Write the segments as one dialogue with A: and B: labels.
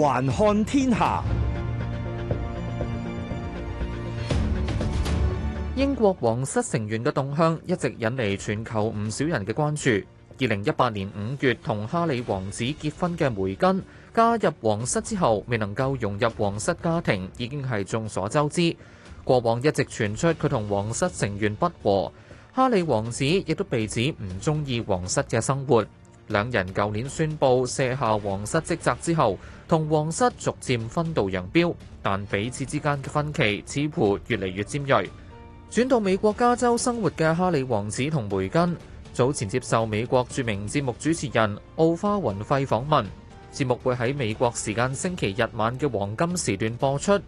A: 環看天下，英國皇室成員嘅動向一直引嚟全球唔少人嘅關注。二零一八年五月同哈里王子結婚嘅梅根，加入皇室之後未能夠融入皇室家庭，已經係眾所周知。過往一直傳出佢同皇室成員不和，哈里王子亦都被指唔鍾意皇室嘅生活。兩人舊年宣布卸下皇室職責之後，同皇室逐漸分道揚鑣，但彼此之間嘅分歧似乎越嚟越尖銳。轉到美國加州生活嘅哈里王子同梅根，早前接受美國著名節目主持人奧花雲費訪問，節目會喺美國時間星期日晚嘅黃金時段播出。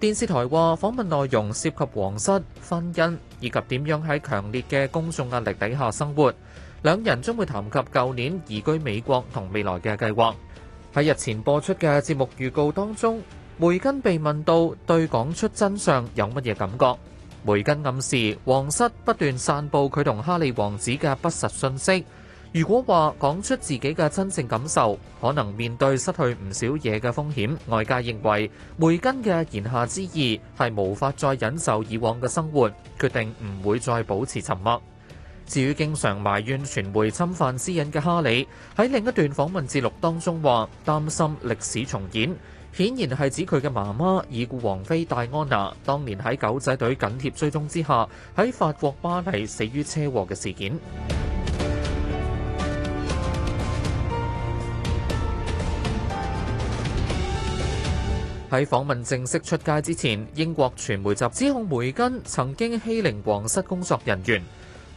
A: 電視台話訪問內容涉及皇室婚姻以及點樣喺強烈嘅公眾壓力底下生活。兩人將會談及舊年移居美國同未來嘅計劃。喺日前播出嘅節目預告當中，梅根被問到對講出真相有乜嘢感覺，梅根暗示皇室不斷散布佢同哈利王子嘅不實信息，如果話講出自己嘅真正感受，可能面對失去唔少嘢嘅風險。外界認為梅根嘅言下之意係無法再忍受以往嘅生活，決定唔會再保持沉默。至於經常埋怨傳媒侵犯私隱嘅哈里，喺另一段訪問記錄當中話擔心歷史重演，顯然係指佢嘅媽媽已故王妃戴安娜，當年喺狗仔隊緊貼追蹤之下，喺法國巴黎死於車禍嘅事件。喺訪問正式出街之前，英國傳媒就指控梅根曾經欺凌皇室工作人員。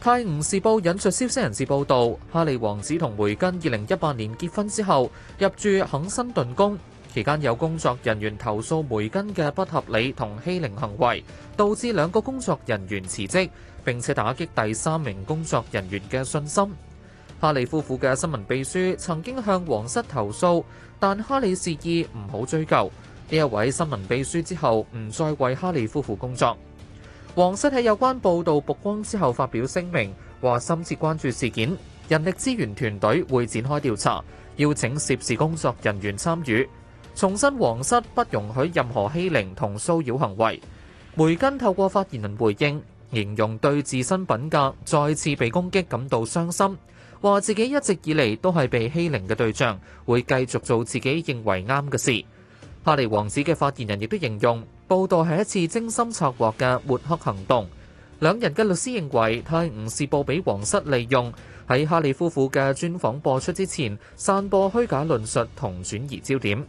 A: 《泰晤士報》引述消息人士報道，哈里王子同梅根二零一八年結婚之後，入住肯辛頓宮期間，有工作人員投訴梅根嘅不合理同欺凌行為，導致兩個工作人員辭職，並且打擊第三名工作人員嘅信心。哈里夫婦嘅新聞秘書曾經向皇室投訴，但哈里示意唔好追究。呢一位新聞秘書之後唔再為哈里夫婦工作。王室喺有關報導曝光之後發表聲明，話深切關注事件，人力資源團隊會展開調查，邀請涉事工作人員參與，重申王室不容許任何欺凌同騷擾行為。梅根透過發言人回應，形容對自身品格再次被攻擊感到傷心，話自己一直以嚟都係被欺凌嘅對象，會繼續做自己認為啱嘅事。哈里王子嘅發言人亦都形容，報道係一次精心策劃嘅抹黑行動。兩人嘅律師認為，泰晤士報畀皇室利用，喺哈利夫婦嘅專訪播出之前，散播虛假論述同轉移焦點。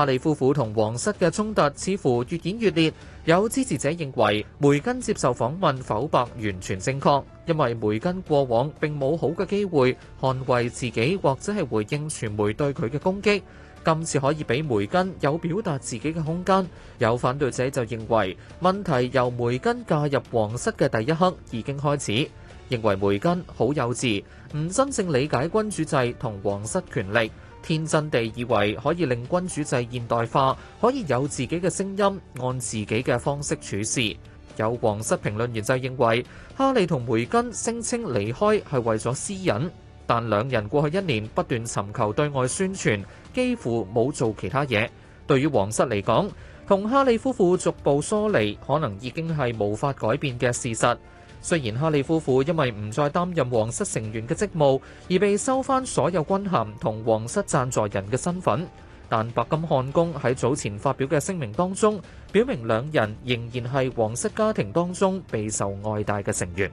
A: 哈里夫婦同皇室嘅衝突似乎越演越烈，有支持者認為梅根接受訪問剖白完全正確，因為梅根過往並冇好嘅機會捍衞自己或者係回應傳媒對佢嘅攻擊，今次可以俾梅根有表達自己嘅空間。有反對者就認為問題由梅根嫁入皇室嘅第一刻已經開始，認為梅根好幼稚，唔真正理解君主制同皇室權力。天真地以為可以令君主制現代化，可以有自己嘅聲音，按自己嘅方式處事。有皇室評論員就認為，哈利同梅根聲稱離開係為咗私隱，但兩人過去一年不斷尋求對外宣傳，幾乎冇做其他嘢。對於皇室嚟講，同哈利夫婦逐步疏離，可能已經係無法改變嘅事實。雖然哈利夫婦因為唔再擔任皇室成員嘅職務，而被收翻所有軍銜同皇室贊助人嘅身份，但白金漢宮喺早前發表嘅聲明當中，表明兩人仍然係皇室家庭當中備受愛戴嘅成員。